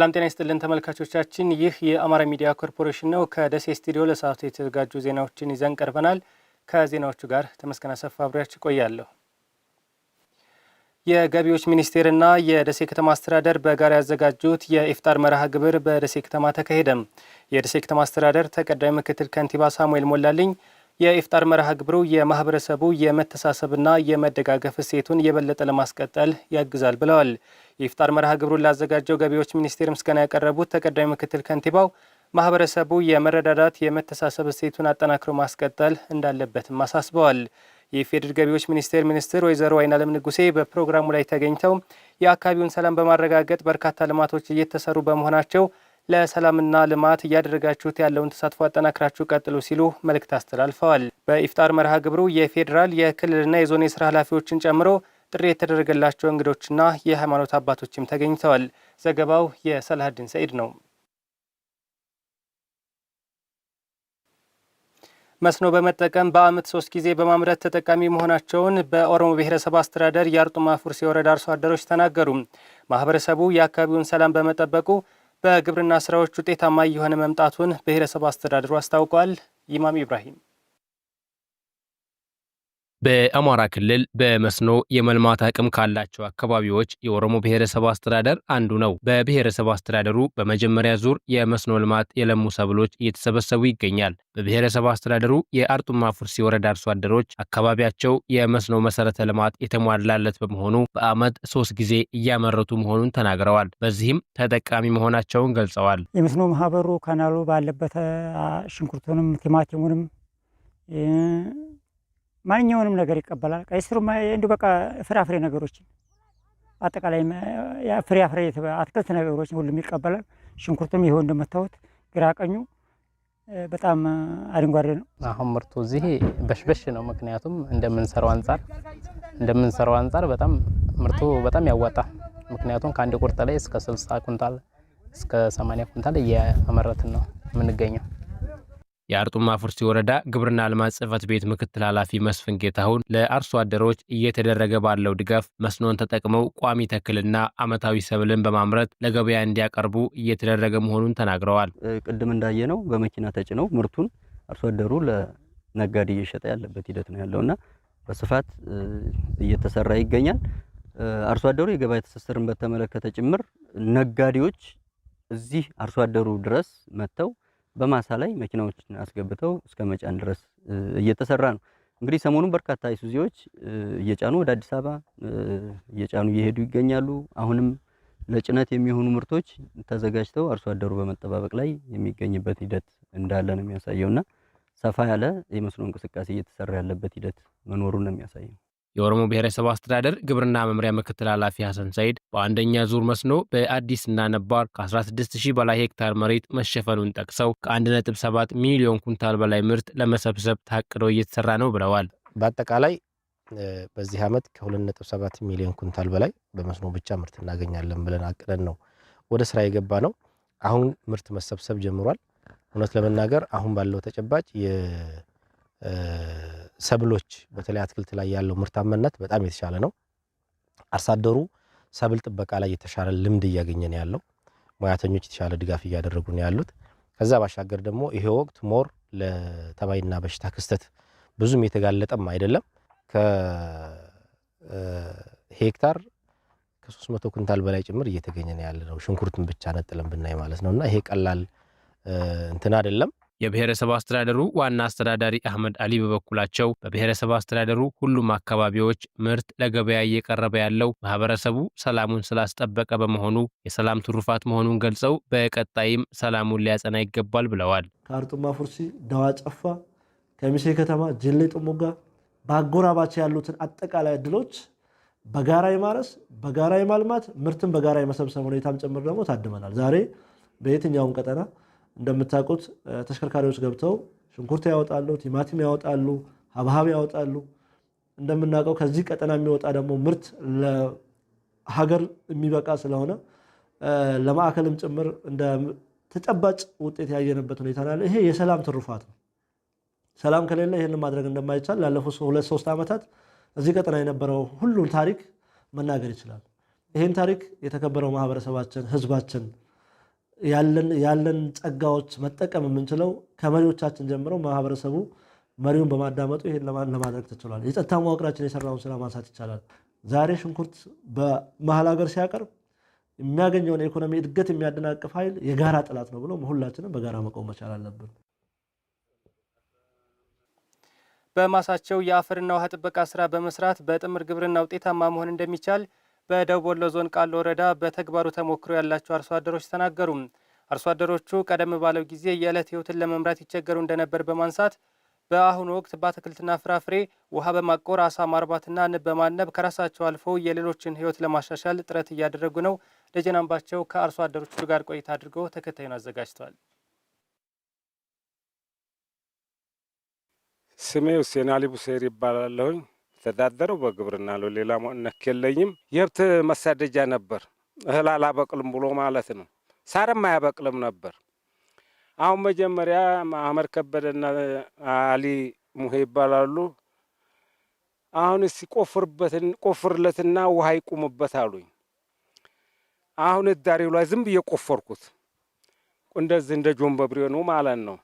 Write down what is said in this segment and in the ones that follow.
ሰላም ጤና ይስጥልን ተመልካቾቻችን፣ ይህ የአማራ ሚዲያ ኮርፖሬሽን ነው። ከደሴ ስቱዲዮ ለሰዓቱ የተዘጋጁ ዜናዎችን ይዘን ቀርበናል። ከዜናዎቹ ጋር ተመስገን አሰፋ አብሬያችሁ እቆያለሁ። የገቢዎች ሚኒስቴርና የደሴ ከተማ አስተዳደር በጋራ ያዘጋጁት የኢፍጣር መርሃ ግብር በደሴ ከተማ ተካሄደም። የደሴ ከተማ አስተዳደር ተቀዳሚ ምክትል ከንቲባ ሳሙኤል ሞላልኝ የኢፍጣር መርሃ ግብሩ የማህበረሰቡ የመተሳሰብና የመደጋገፍ እሴቱን የበለጠ ለማስቀጠል ያግዛል ብለዋል። የኢፍጣር መርሃ ግብሩን ላዘጋጀው ገቢዎች ሚኒስቴር ምስጋና ያቀረቡት ተቀዳሚ ምክትል ከንቲባው ማህበረሰቡ የመረዳዳት የመተሳሰብ እሴቱን አጠናክሮ ማስቀጠል እንዳለበትም አሳስበዋል። የኢፌዴሪ ገቢዎች ሚኒስቴር ሚኒስትር ወይዘሮ አይናለም ንጉሴ በፕሮግራሙ ላይ ተገኝተው የአካባቢውን ሰላም በማረጋገጥ በርካታ ልማቶች እየተሰሩ በመሆናቸው ለሰላምና ልማት እያደረጋችሁት ያለውን ተሳትፎ አጠናክራችሁ ቀጥሉ ሲሉ መልእክት አስተላልፈዋል። በኢፍጣር መርሃ ግብሩ የፌዴራል የክልልና የዞን የስራ ኃላፊዎችን ጨምሮ ጥሪ የተደረገላቸው እንግዶችና የሃይማኖት አባቶችም ተገኝተዋል። ዘገባው የሰላሀዲን ሰኢድ ነው። መስኖ በመጠቀም በዓመት ሶስት ጊዜ በማምረት ተጠቃሚ መሆናቸውን በኦሮሞ ብሔረሰብ አስተዳደር የአርጡማ ፉርሲ ወረዳ አርሶ አደሮች ተናገሩ። ማህበረሰቡ የአካባቢውን ሰላም በመጠበቁ በግብርና ስራዎች ውጤታማ እየሆነ መምጣቱን ብሔረሰብ አስተዳደሩ አስታውቋል። ኢማም ኢብራሂም በአማራ ክልል በመስኖ የመልማት አቅም ካላቸው አካባቢዎች የኦሮሞ ብሔረሰብ አስተዳደር አንዱ ነው። በብሔረሰብ አስተዳደሩ በመጀመሪያ ዙር የመስኖ ልማት የለሙ ሰብሎች እየተሰበሰቡ ይገኛል። በብሔረሰብ አስተዳደሩ የአርጡማ ፉርሲ ወረዳ አርሶ አደሮች አካባቢያቸው የመስኖ መሰረተ ልማት የተሟላለት በመሆኑ በዓመት ሶስት ጊዜ እያመረቱ መሆኑን ተናግረዋል። በዚህም ተጠቃሚ መሆናቸውን ገልጸዋል። የመስኖ ማህበሩ ካናሉ ባለበት ሽንኩርቱንም ቲማቲሙንም ማንኛውንም ነገር ይቀበላል። ቀይ ስሩ እንዲ በቃ ፍራፍሬ ነገሮችን አጠቃላይ ፍሬፍሬ አትክልት ነገሮችን ሁሉም ይቀበላል። ሽንኩርትም ይኸው እንደምታዩት ግራ ቀኙ በጣም አረንጓዴ ነው። አሁን ምርቱ እዚህ በሽበሽ ነው። ምክንያቱም እንደምንሰራው አንጻር እንደምንሰራው አንጻር በጣም ምርቱ በጣም ያዋጣ። ምክንያቱም ከአንድ ቁርጥ ላይ እስከ 60 ኩንታል እስከ 80 ኩንታል እያመረትን ነው የምንገኘው። የአርጡማ ፉርሲ ወረዳ ግብርና ልማት ጽህፈት ቤት ምክትል ኃላፊ መስፍን ጌታሁን ለአርሶ አደሮች እየተደረገ ባለው ድጋፍ መስኖን ተጠቅመው ቋሚ ተክልና አመታዊ ሰብልን በማምረት ለገበያ እንዲያቀርቡ እየተደረገ መሆኑን ተናግረዋል። ቅድም እንዳየነው በመኪና ተጭነው ምርቱን አርሶ አደሩ ለነጋዴ እየሸጠ ያለበት ሂደት ነው ያለውና በስፋት እየተሰራ ይገኛል። አርሶ አደሩ የገበያ ትስስርን በተመለከተ ጭምር ነጋዴዎች እዚህ አርሶ አደሩ ድረስ መጥተው በማሳ ላይ መኪናዎችን አስገብተው እስከ መጫን ድረስ እየተሰራ ነው። እንግዲህ ሰሞኑን በርካታ አይሱዚዎች እየጫኑ ወደ አዲስ አበባ እየጫኑ እየሄዱ ይገኛሉ። አሁንም ለጭነት የሚሆኑ ምርቶች ተዘጋጅተው አርሶ አደሩ በመጠባበቅ ላይ የሚገኝበት ሂደት እንዳለ ነው እና ሰፋ ያለ የመስኖ እንቅስቃሴ እየተሰራ ያለበት ሂደት መኖሩን ነው የሚያሳየው። የኦሮሞ ብሔረሰብ አስተዳደር ግብርና መምሪያ ምክትል ኃላፊ ሐሰን ሰይድ በአንደኛ ዙር መስኖ በአዲስ እና ነባር ከ16000 በላይ ሄክታር መሬት መሸፈኑን ጠቅሰው ከ1.7 ሚሊዮን ኩንታል በላይ ምርት ለመሰብሰብ ታቅዶ እየተሰራ ነው ብለዋል። በአጠቃላይ በዚህ ዓመት ከ2.7 ሚሊዮን ኩንታል በላይ በመስኖ ብቻ ምርት እናገኛለን ብለን አቅደን ነው ወደ ስራ የገባ ነው። አሁን ምርት መሰብሰብ ጀምሯል። እውነት ለመናገር አሁን ባለው ተጨባጭ ሰብሎች በተለይ አትክልት ላይ ያለው ምርታማነት በጣም የተሻለ ነው። አርሶ አደሩ ሰብል ጥበቃ ላይ የተሻለ ልምድ እያገኘ ነው ያለው። ሙያተኞች የተሻለ ድጋፍ እያደረጉ ነው ያሉት። ከዛ ባሻገር ደግሞ ይሄ ወቅት ሞር ለተባይና በሽታ ክስተት ብዙም የተጋለጠም አይደለም። ከሄክታር ከሶስት መቶ ኩንታል በላይ ጭምር እየተገኘ ነው ያለ ነው። ሽንኩርትን ብቻ ነጥለን ብናይ ማለት ነው እና ይሄ ቀላል እንትን አይደለም። የብሔረሰብ አስተዳደሩ ዋና አስተዳዳሪ አህመድ አሊ በበኩላቸው በብሔረሰብ አስተዳደሩ ሁሉም አካባቢዎች ምርት ለገበያ እየቀረበ ያለው ማህበረሰቡ ሰላሙን ስላስጠበቀ በመሆኑ የሰላም ትሩፋት መሆኑን ገልጸው በቀጣይም ሰላሙን ሊያጸና ይገባል ብለዋል። ከአርጡማ ፉርሲ፣ ደዋ ጨፋ፣ ከሚሴ ከተማ፣ ጅሌ ጥሙጋ በአጎራባች ያሉትን አጠቃላይ እድሎች በጋራ የማረስ በጋራ የማልማት ምርትን በጋራ የመሰብሰብ ሁኔታም ጭምር ደግሞ ታድመናል። ዛሬ በየትኛውም ቀጠና እንደምታውቁት ተሽከርካሪዎች ገብተው ሽንኩርት ያወጣሉ፣ ቲማቲም ያወጣሉ፣ ሀብሀብ ያወጣሉ። እንደምናውቀው ከዚህ ቀጠና የሚወጣ ደግሞ ምርት ለሀገር የሚበቃ ስለሆነ ለማዕከልም ጭምር እንደ ተጨባጭ ውጤት ያየንበት ሁኔታ ናለ። ይሄ የሰላም ትሩፋት ነው። ሰላም ከሌለ ይህን ማድረግ እንደማይቻል ላለፉት ሁለት ሶስት ዓመታት እዚህ ቀጠና የነበረው ሁሉን ታሪክ መናገር ይችላል። ይህን ታሪክ የተከበረው ማህበረሰባችን ህዝባችን ያለን ጸጋዎች መጠቀም የምንችለው ከመሪዎቻችን ጀምረው ማህበረሰቡ መሪውን በማዳመጡ ይ ለማድረግ ተችሏል። የጸጥታ መዋቅራችን የሰራውን ስራ ማንሳት ይቻላል። ዛሬ ሽንኩርት በመሀል ሀገር ሲያቀርብ የሚያገኘውን የኢኮኖሚ እድገት የሚያደናቅፍ ኃይል የጋራ ጠላት ነው ብሎ ሁላችንም በጋራ መቆም መቻል አለብን። በማሳቸው የአፈርና ውሃ ጥበቃ ስራ በመስራት በጥምር ግብርና ውጤታማ መሆን እንደሚቻል በደቡብ ወሎ ዞን ቃል ወረዳ በተግባሩ ተሞክሮ ያላቸው አርሶ አደሮች ተናገሩ። አርሶ አደሮቹ ቀደም ባለው ጊዜ የዕለት ህይወትን ለመምራት ይቸገሩ እንደነበር በማንሳት በአሁኑ ወቅት በአትክልትና ፍራፍሬ፣ ውሃ በማቆር አሳ ማርባትና ንብ በማነብ ከራሳቸው አልፎ የሌሎችን ህይወት ለማሻሻል ጥረት እያደረጉ ነው። ደጀን ከአርሶ አደሮቹ ጋር ቆይታ አድርገው ተከታዩን አዘጋጅተዋል። ስሜ ሁሴን አሊ ቡሴር ይባላለሁኝ። የምተዳደረው በግብርና ነው። ሌላ ነክ የለኝም። የብት መሳደጃ ነበር። እህል አላበቅልም ብሎ ማለት ነው። ሳርም አያበቅልም ነበር። አሁን መጀመሪያ ማህመድ ከበደና አሊ ሙሄ ይባላሉ። አሁን እስቲ ቆፍርለትና ውሃ ይቁምበት አሉኝ። አሁን እዳሬው ላይ ዝም ብዬ ቆፈርኩት። እንደዚህ እንደ ጆንበብሬ ነው ማለት ነው።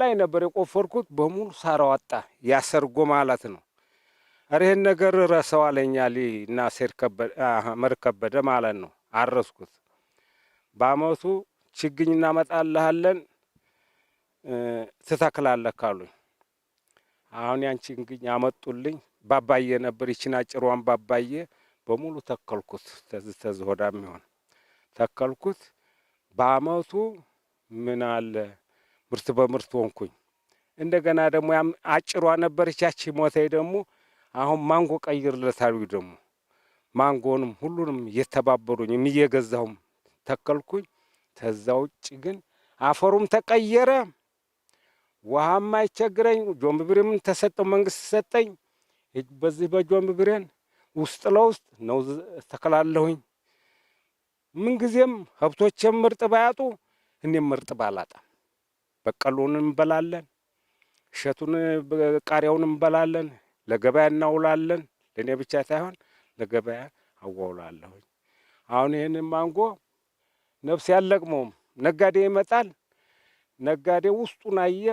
ላይ ነበር የቆፈርኩት። በሙሉ ሳር ወጣ፣ ያሰርጎ ማለት ነው። ኧረ ይህን ነገር ረሰዋለኛል እና ሴር መር ከበደ ማለት ነው። አረስኩት በአመቱ ችግኝ እናመጣልሃለን ትተክላለህ ካሉኝ፣ አሁን ያን ችግኝ አመጡልኝ። ባባዬ ነበር ይችን አጭሯን ባባዬ በሙሉ ተከልኩት። ተዝ ተዝ ሆዳ የሚሆን ተከልኩት። በአመቱ ምን አለ ምርት በምርት ሆንኩኝ። እንደገና ደግሞ አጭሯ ነበር ይቻች ሞተይ ደግሞ አሁን ማንጎ ቀይርለታሉ። ደግሞ ማንጎንም ሁሉንም እየተባበሩኝም እየገዛሁም ተከልኩኝ። ተዛ ውጭ ግን አፈሩም ተቀየረ፣ ውሃም አይቸግረኝ። ጆም ተሰጠው መንግስት ሰጠኝ። በዚህ በጆም ውስጥ ለውስጥ ነው ተከላለሁኝ። ምንጊዜም ሀብቶቼም ምርጥ ባያጡ እኔም ምርጥ ባላጣ በቀሉን እንበላለን፣ እሸቱን ቃሪያውን እንበላለን። ለገበያ እናውላለን። ለእኔ ብቻ ሳይሆን ለገበያ አዋውላለሁኝ። አሁን ይህንን ማንጎ ነፍስ ያለቅመውም ነጋዴ ይመጣል። ነጋዴ ውስጡን አየ።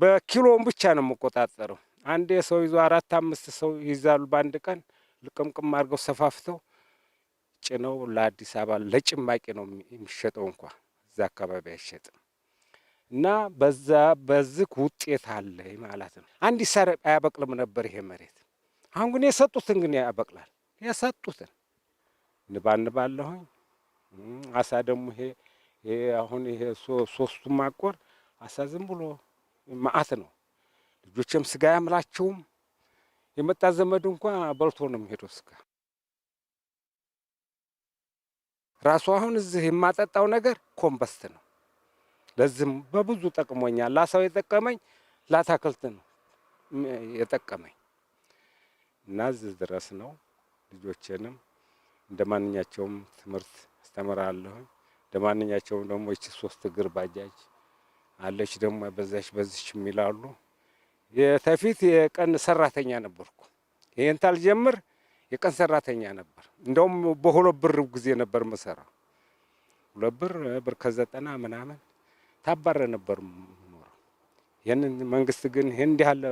በኪሎን ብቻ ነው የምቆጣጠረው። አንዴ ሰው ይዞ አራት አምስት ሰው ይዛሉ። በአንድ ቀን ልቅምቅም አድርገው ሰፋፍተው ጭነው ለአዲስ አበባ ለጭማቂ ነው የሚሸጠው። እንኳ እዛ አካባቢ አይሸጥም። እና በዛ በዚህ ውጤት አለ ማለት ነው። አንድ ሳር አያበቅልም ነበር ይሄ መሬት። አሁን ግን የሰጡትን ግን ያበቅላል። የሰጡትን ንባ ንባለሁኝ አሳ ደግሞ ይሄ ይሄ አሁን ይሄ ሶስቱ ማቆር አሳ ዝም ብሎ ማአት ነው። ልጆችም ስጋ ያምላቸውም የመጣ ዘመድ እንኳ በልቶ ነው የሚሄደው ስጋ ራሱ። አሁን እዚህ የማጠጣው ነገር ኮምበስት ነው። ለዚህም በብዙ ጠቅሞኛል። ላሰው የጠቀመኝ ላታክልት ነው የጠቀመኝ እና እዚህ ድረስ ነው። ልጆቼንም እንደ ማንኛቸውም ትምህርት አስተምራለሁ። እንደ ማንኛቸውም ደግሞ እቺ ሶስት እግር ባጃጅ አለች ደግሞ በዛች በዚች የሚላሉ የተፊት የቀን ሰራተኛ ነበርኩ። ይህን ታልጀምር የቀን ሰራተኛ ነበር። እንደውም በሁለት ብር ጊዜ ነበር ምሰራ ሁለት ብር ብር ከዘጠና ምናምን ታባረ ነበር ኖረው። ይህንን መንግስት ግን ይህን እንዲህ ያለ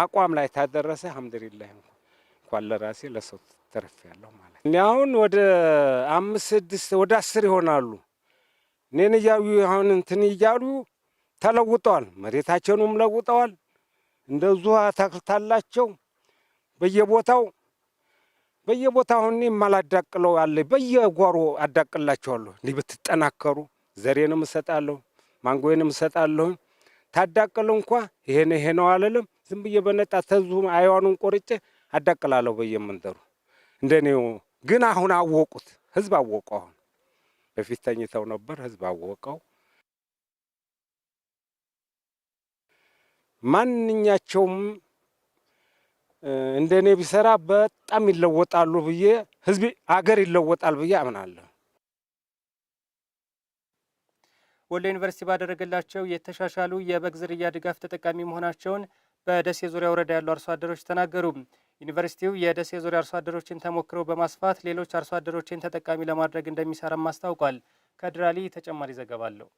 አቋም ላይ ታደረሰ። አልሐምዱሊላህ እንኳን ለራሴ ለሰው ተረፍ ያለሁ ማለት እኔ አሁን ወደ አምስት ስድስት ወደ አስር ይሆናሉ እኔን እያዩ አሁን እንትን እያሉ ተለውጠዋል። መሬታቸውንም ለውጠዋል። እንደዚሁ አታክልታላቸው በየቦታው በየቦታው አሁን እኔ የማላዳቅለው አለ በየጓሮ አዳቅላቸዋለሁ። እንዲህ ብትጠናከሩ ዘሬንም እሰጣለሁ። ማንጎዬንም እሰጣለሁኝ። ታዳቅል እንኳ ይሄን ይሄ ነው አልልም። ዝም ብዬ በነጣ ተዙ አይዋኑን ቆርጬ አዳቅላለሁ በየመንደሩ እንደኔው። ግን አሁን አወቁት፣ ህዝብ አወቀው። አሁን በፊት ተኝተው ነበር፣ ህዝብ አወቀው። ማንኛቸውም እንደኔ ቢሰራ በጣም ይለወጣሉ ብዬ ህዝብ አገር ይለወጣል ብዬ አምናለሁ። ወሎ ዩኒቨርሲቲ ባደረገላቸው የተሻሻሉ የበግ ዝርያ ድጋፍ ተጠቃሚ መሆናቸውን በደሴ ዙሪያ ወረዳ ያሉ አርሶ አደሮች ተናገሩ። ዩኒቨርሲቲው የደሴ ዙሪያ አርሶ አደሮችን ተሞክሮ በማስፋት ሌሎች አርሶ አደሮችን ተጠቃሚ ለማድረግ እንደሚሰራም አስታውቋል። ከድራሊ ተጨማሪ ዘገባ አለው።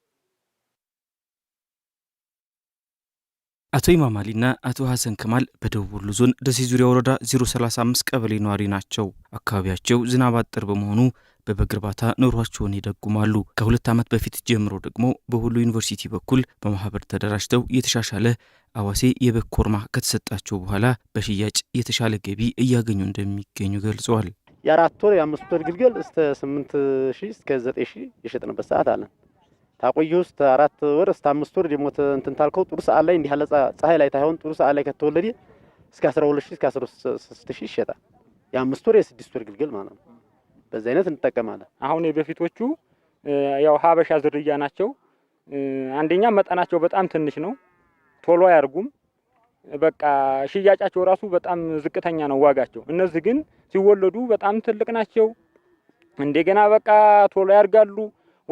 አቶ ኢማም አሊና አቶ ሀሰን ከማል በደቡብ ወሎ ዞን ደሴ ዙሪያ ወረዳ 035 ቀበሌ ነዋሪ ናቸው። አካባቢያቸው ዝናብ አጠር በመሆኑ በበግ እርባታ ኑሯቸውን ይደጉማሉ። ከሁለት ዓመት በፊት ጀምሮ ደግሞ በወሎ ዩኒቨርሲቲ በኩል በማህበር ተደራጅተው የተሻሻለ አዋሴ የበግ ኮርማ ከተሰጣቸው በኋላ በሽያጭ የተሻለ ገቢ እያገኙ እንደሚገኙ ገልጸዋል። የአራት ወር የአምስት ወር ግልገል እስከ ስምንት ሺ እስከ ዘጠኝ ሺ የሸጥንበት ሰዓት አለን። ታቆየ ውስጥ አራት ወር እስከ አምስት ወር ሞት እንትን ታልከው ጥሩ ሰዓት ላይ እንዲህ ያለ ፀሐይ ላይ ታይሆን ጥሩ ሰዓት ላይ ከተወለደ እስከ አስራ ሁለት ሺ እስከ አስራ ሶስት ሺ ይሸጣል። የአምስት ወር የስድስት ወር ግልገል ማለት ነው። በዚህ አይነት እንጠቀማለን። አሁን የበፊቶቹ ያው ሀበሻ ዝርያ ናቸው። አንደኛ መጠናቸው በጣም ትንሽ ነው፣ ቶሎ አያርጉም። በቃ ሽያጫቸው ራሱ በጣም ዝቅተኛ ነው ዋጋቸው። እነዚህ ግን ሲወለዱ በጣም ትልቅ ናቸው። እንደገና በቃ ቶሎ ያድጋሉ።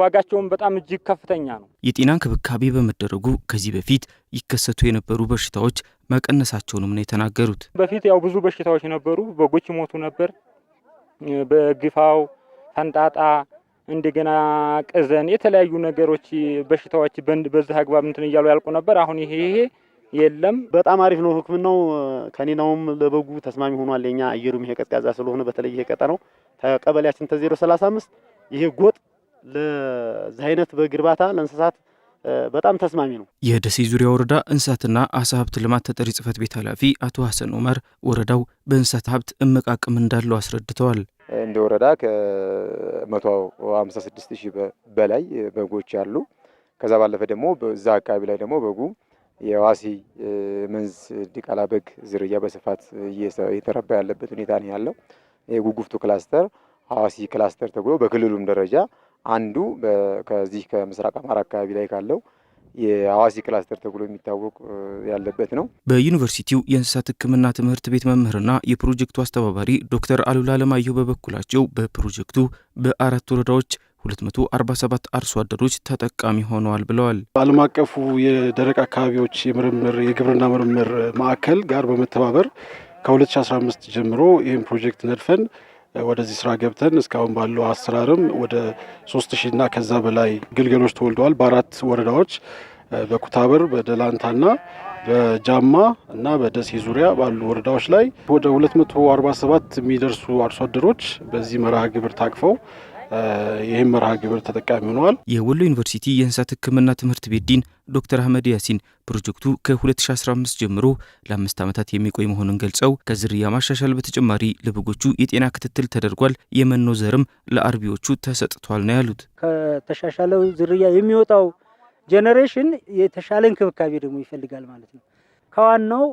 ዋጋቸውም በጣም እጅግ ከፍተኛ ነው። የጤና እንክብካቤ በመደረጉ ከዚህ በፊት ይከሰቱ የነበሩ በሽታዎች መቀነሳቸውንም ነው የተናገሩት። በፊት ያው ብዙ በሽታዎች ነበሩ፣ በጎች ሞቱ ነበር። በግፋው፣ ፈንጣጣ እንደገና ቅዘን የተለያዩ ነገሮች በሽታዎች በዚህ አግባብ እንትን እያሉ ያልቁ ነበር። አሁን ይሄ ይሄ የለም። በጣም አሪፍ ነው ሕክምናው ከኔናውም ለበጉ ተስማሚ ሆኗል። የኛ አየሩም ይሄ ቀዝቃዛ ስለሆነ በተለይ ይሄ ቀጠናው ነው ተዜሮ ተ035 ይሄ ጎጥ ለዚህ አይነት በግ እርባታ ለእንስሳት በጣም ተስማሚ ነው። የደሴ ዙሪያ ወረዳ እንስሳትና አሳ ሀብት ልማት ተጠሪ ጽፈት ቤት ኃላፊ አቶ ሀሰን ኡመር ወረዳው በእንስሳት ሀብት እመቃቅም እንዳለው አስረድተዋል። እንደ ወረዳ ከ156 ሺህ በላይ በጎች አሉ። ከዛ ባለፈ ደግሞ በዛ አካባቢ ላይ ደግሞ በጉ የዋሲ መንዝ ዲቃላ በግ ዝርያ በስፋት እየተረባ ያለበት ሁኔታ ነው ያለው። የጉጉፍቱ ክላስተር ሐዋሲ ክላስተር ተብሎ በክልሉም ደረጃ አንዱ ከዚህ ከምስራቅ አማራ አካባቢ ላይ ካለው የአዋሲ ክላስተር ተብሎ የሚታወቅ ያለበት ነው። በዩኒቨርሲቲው የእንስሳት ሕክምና ትምህርት ቤት መምህርና የፕሮጀክቱ አስተባባሪ ዶክተር አሉላ አለማየሁ በበኩላቸው በፕሮጀክቱ በአራት ወረዳዎች 247 አርሶ አደሮች ተጠቃሚ ሆነዋል ብለዋል። በዓለም አቀፉ የደረቅ አካባቢዎች የምርምር የግብርና ምርምር ማዕከል ጋር በመተባበር ከ2015 ጀምሮ ይህን ፕሮጀክት ነድፈን ወደዚህ ስራ ገብተን እስካሁን ባለው አሰራርም ወደ ሶስት እና ከዛ በላይ ግልገሎች ተወልደዋል በአራት ወረዳዎች በኩታበር በደላንታና በጃማ እና በደሴ ዙሪያ ባሉ ወረዳዎች ላይ ወደ 247 የሚደርሱ አርሶ አደሮች በዚህ መርሃ ግብር ታቅፈው ይህም መርሃ ግብር ተጠቃሚ ሆነዋል። የወሎ ዩኒቨርሲቲ የእንስሳት ሕክምና ትምህርት ቤት ዲን ዶክተር አህመድ ያሲን ፕሮጀክቱ ከ2015 ጀምሮ ለአምስት ዓመታት የሚቆይ መሆኑን ገልጸው ከዝርያ ማሻሻል በተጨማሪ ለበጎቹ የጤና ክትትል ተደርጓል፣ የመኖ ዘርም ለአርቢዎቹ ተሰጥቷል ነው ያሉት። ከተሻሻለው ዝርያ የሚወጣው ጄኔሬሽን የተሻለ እንክብካቤ ደግሞ ይፈልጋል ማለት ነው። ከዋናው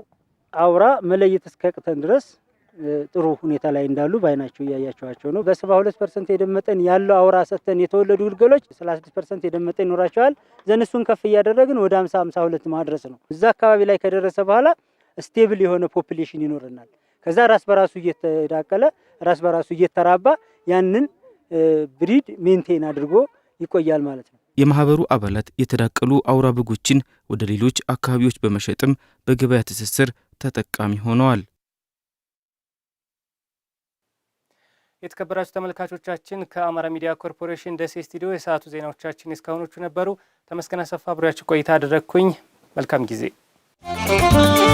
አውራ መለየት እስከቅተን ድረስ ጥሩ ሁኔታ ላይ እንዳሉ በአይናቸው እያያቸዋቸው ነው። በሰባ ሁለት ፐርሰንት የደም መጠን ያለው አውራ ሰተን የተወለዱ ግልገሎች ሰላሳ ስድስት ፐርሰንት የደም መጠን ይኖራቸዋል። ዘንሱን ከፍ እያደረግን ወደ ሀምሳ ሀምሳ ሁለት ማድረስ ነው። እዛ አካባቢ ላይ ከደረሰ በኋላ ስቴብል የሆነ ፖፕሌሽን ይኖረናል። ከዛ ራስ በራሱ እየተዳቀለ ራስ በራሱ እየተራባ ያንን ብሪድ ሜንቴን አድርጎ ይቆያል ማለት ነው። የማህበሩ አባላት የተዳቀሉ አውራ በጎችን ወደ ሌሎች አካባቢዎች በመሸጥም በገበያ ትስስር ተጠቃሚ ሆነዋል። የተከበራችሁ ተመልካቾቻችን ከአማራ ሚዲያ ኮርፖሬሽን ደሴ ስቱዲዮ የሰዓቱ ዜናዎቻችን እስካሁኖቹ ነበሩ። ተመስገን አሰፋ አብሬያችሁ ቆይታ አደረግኩኝ። መልካም ጊዜ